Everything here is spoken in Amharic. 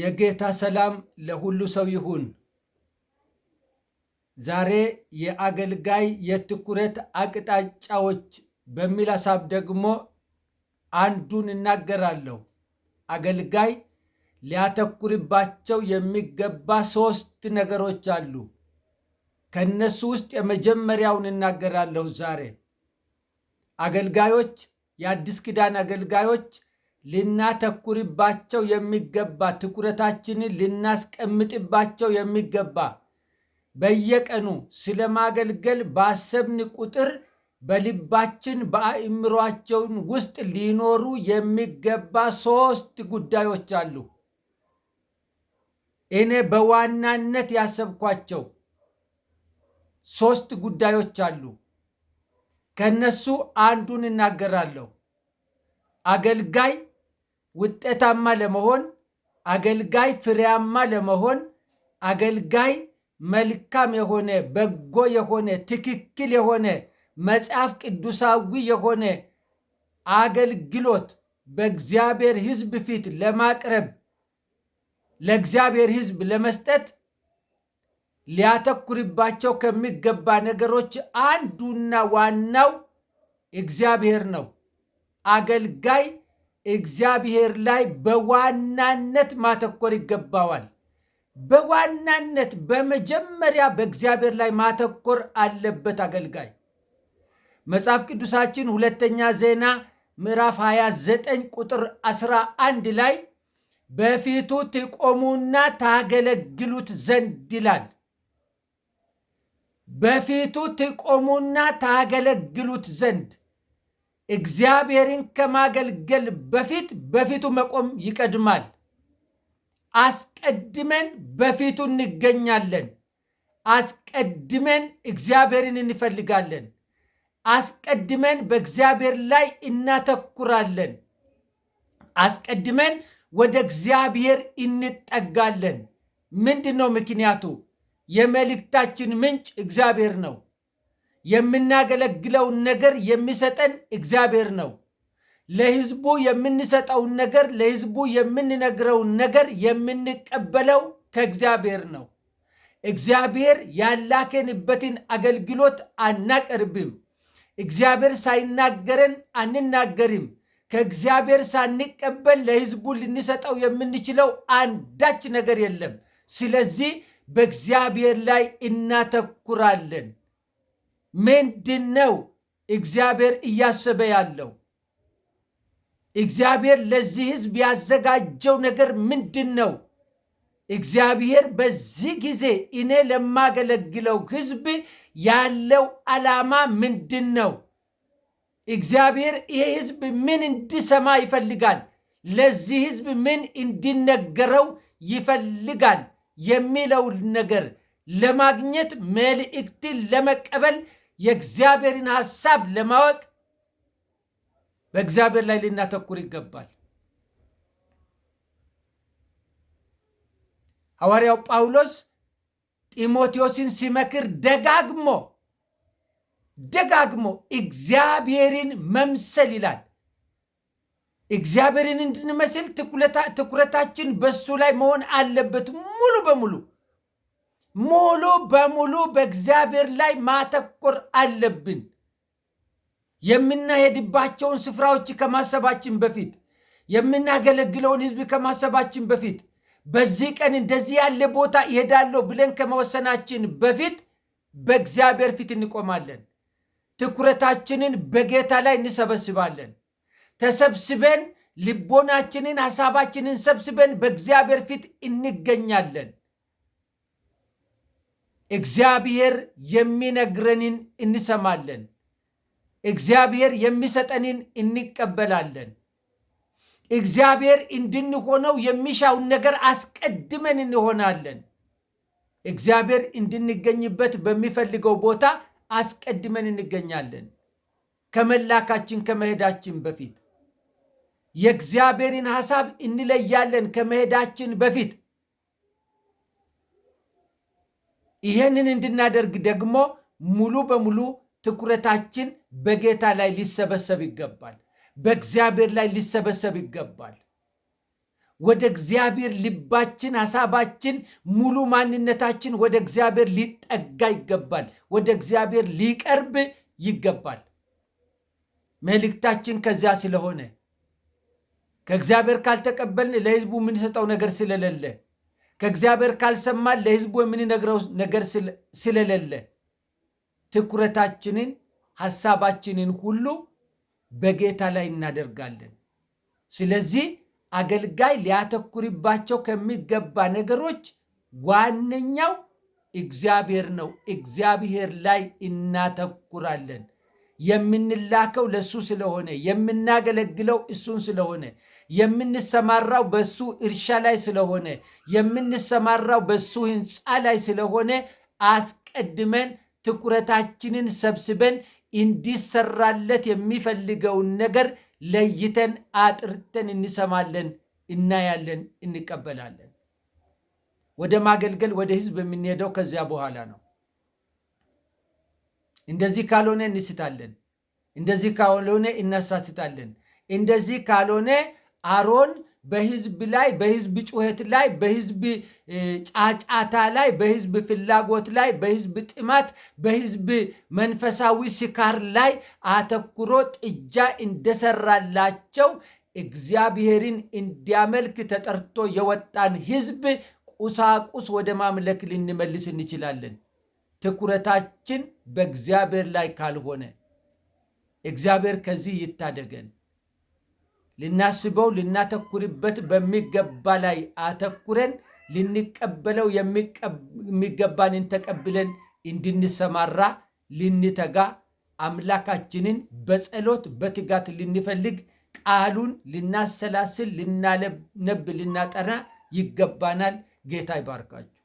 የጌታ ሰላም ለሁሉ ሰው ይሁን። ዛሬ የአገልጋይ የትኩረት አቅጣጫዎች በሚል ሀሳብ ደግሞ አንዱን እናገራለሁ። አገልጋይ ሊያተኩርባቸው የሚገባ ሶስት ነገሮች አሉ። ከእነሱ ውስጥ የመጀመሪያውን እናገራለሁ ዛሬ አገልጋዮች የአዲስ ኪዳን አገልጋዮች ልናተኩርባቸው የሚገባ ትኩረታችንን ልናስቀምጥባቸው የሚገባ በየቀኑ ስለማገልገል ባሰብን ቁጥር በልባችን በአእምሯቸውን ውስጥ ሊኖሩ የሚገባ ሶስት ጉዳዮች አሉ። እኔ በዋናነት ያሰብኳቸው ሶስት ጉዳዮች አሉ። ከነሱ አንዱን እናገራለሁ። አገልጋይ ውጤታማ ለመሆን አገልጋይ ፍሬያማ ለመሆን አገልጋይ መልካም የሆነ በጎ የሆነ ትክክል የሆነ መጽሐፍ ቅዱሳዊ የሆነ አገልግሎት በእግዚአብሔር ሕዝብ ፊት ለማቅረብ ለእግዚአብሔር ሕዝብ ለመስጠት ሊያተኩርባቸው ከሚገባ ነገሮች አንዱና ዋናው እግዚአብሔር ነው። አገልጋይ እግዚአብሔር ላይ በዋናነት ማተኮር ይገባዋል። በዋናነት በመጀመሪያ በእግዚአብሔር ላይ ማተኮር አለበት አገልጋይ። መጽሐፍ ቅዱሳችን ሁለተኛ ዜና ምዕራፍ 29 ቁጥር 11 ላይ በፊቱ ትቆሙና ታገለግሉት ዘንድ ይላል። በፊቱ ትቆሙና ታገለግሉት ዘንድ እግዚአብሔርን ከማገልገል በፊት በፊቱ መቆም ይቀድማል። አስቀድመን በፊቱ እንገኛለን። አስቀድመን እግዚአብሔርን እንፈልጋለን። አስቀድመን በእግዚአብሔር ላይ እናተኩራለን። አስቀድመን ወደ እግዚአብሔር እንጠጋለን። ምንድን ነው ምክንያቱ? የመልእክታችን ምንጭ እግዚአብሔር ነው። የምናገለግለውን ነገር የሚሰጠን እግዚአብሔር ነው። ለሕዝቡ የምንሰጠውን ነገር፣ ለሕዝቡ የምንነግረውን ነገር የምንቀበለው ከእግዚአብሔር ነው። እግዚአብሔር ያላከንበትን አገልግሎት አናቀርብም። እግዚአብሔር ሳይናገረን አንናገርም። ከእግዚአብሔር ሳንቀበል ለሕዝቡ ልንሰጠው የምንችለው አንዳች ነገር የለም። ስለዚህ በእግዚአብሔር ላይ እናተኩራለን። ምንድን ነው እግዚአብሔር እያሰበ ያለው? እግዚአብሔር ለዚህ ህዝብ ያዘጋጀው ነገር ምንድን ነው? እግዚአብሔር በዚህ ጊዜ እኔ ለማገለግለው ህዝብ ያለው ዓላማ ምንድን ነው? እግዚአብሔር ይሄ ህዝብ ምን እንዲሰማ ይፈልጋል? ለዚህ ህዝብ ምን እንዲነገረው ይፈልጋል የሚለውን ነገር ለማግኘት መልእክትን ለመቀበል የእግዚአብሔርን ሐሳብ ለማወቅ በእግዚአብሔር ላይ ልናተኩር ይገባል። ሐዋርያው ጳውሎስ ጢሞቴዎስን ሲመክር ደጋግሞ ደጋግሞ እግዚአብሔርን መምሰል ይላል። እግዚአብሔርን እንድንመስል ትኩረታችን በሱ ላይ መሆን አለበት ሙሉ በሙሉ ሙሉ በሙሉ በእግዚአብሔር ላይ ማተኮር አለብን። የምናሄድባቸውን ስፍራዎች ከማሰባችን በፊት የምናገለግለውን ሕዝብ ከማሰባችን በፊት በዚህ ቀን እንደዚህ ያለ ቦታ ይሄዳለሁ ብለን ከመወሰናችን በፊት በእግዚአብሔር ፊት እንቆማለን። ትኩረታችንን በጌታ ላይ እንሰበስባለን። ተሰብስበን ልቦናችንን፣ ሀሳባችንን ሰብስበን በእግዚአብሔር ፊት እንገኛለን። እግዚአብሔር የሚነግረንን እንሰማለን። እግዚአብሔር የሚሰጠንን እንቀበላለን። እግዚአብሔር እንድንሆነው የሚሻውን ነገር አስቀድመን እንሆናለን። እግዚአብሔር እንድንገኝበት በሚፈልገው ቦታ አስቀድመን እንገኛለን። ከመላካችን ከመሄዳችን በፊት የእግዚአብሔርን ሐሳብ እንለያለን ከመሄዳችን በፊት ይሄንን እንድናደርግ ደግሞ ሙሉ በሙሉ ትኩረታችን በጌታ ላይ ሊሰበሰብ ይገባል። በእግዚአብሔር ላይ ሊሰበሰብ ይገባል። ወደ እግዚአብሔር ልባችን፣ ሀሳባችን፣ ሙሉ ማንነታችን ወደ እግዚአብሔር ሊጠጋ ይገባል። ወደ እግዚአብሔር ሊቀርብ ይገባል። መልእክታችን ከዚያ ስለሆነ ከእግዚአብሔር ካልተቀበልን ለሕዝቡ የምንሰጠው ነገር ስለሌለ ከእግዚአብሔር ካልሰማን ለህዝቡ የምንነግረው ነገር ስለሌለ ትኩረታችንን ሀሳባችንን ሁሉ በጌታ ላይ እናደርጋለን። ስለዚህ አገልጋይ ሊያተኩርባቸው ከሚገባ ነገሮች ዋነኛው እግዚአብሔር ነው። እግዚአብሔር ላይ እናተኩራለን። የምንላከው ለእሱ ስለሆነ፣ የምናገለግለው እሱን ስለሆነ የምንሰማራው በሱ እርሻ ላይ ስለሆነ የምንሰማራው በሱ ህንፃ ላይ ስለሆነ አስቀድመን ትኩረታችንን ሰብስበን እንዲሰራለት የሚፈልገውን ነገር ለይተን አጥርተን እንሰማለን፣ እናያለን፣ እንቀበላለን። ወደ ማገልገል ወደ ህዝብ የምንሄደው ከዚያ በኋላ ነው። እንደዚህ ካልሆነ እንስታለን። እንደዚህ ካልሆነ እናሳስታለን። እንደዚህ ካልሆነ አሮን በህዝብ ላይ በህዝብ ጩኸት ላይ በህዝብ ጫጫታ ላይ በህዝብ ፍላጎት ላይ በህዝብ ጥማት በህዝብ መንፈሳዊ ስካር ላይ አተኩሮ ጥጃ እንደሰራላቸው እግዚአብሔርን እንዲያመልክ ተጠርቶ የወጣን ህዝብ ቁሳቁስ ወደ ማምለክ ልንመልስ እንችላለን። ትኩረታችን በእግዚአብሔር ላይ ካልሆነ እግዚአብሔር ከዚህ ይታደገን። ልናስበው ልናተኩርበት በሚገባ ላይ አተኩረን ልንቀበለው የሚገባንን ተቀብለን እንድንሰማራ ልንተጋ አምላካችንን በጸሎት በትጋት ልንፈልግ ቃሉን ልናሰላስል ልናነብ ልናጠና ይገባናል። ጌታ ይባርካችሁ።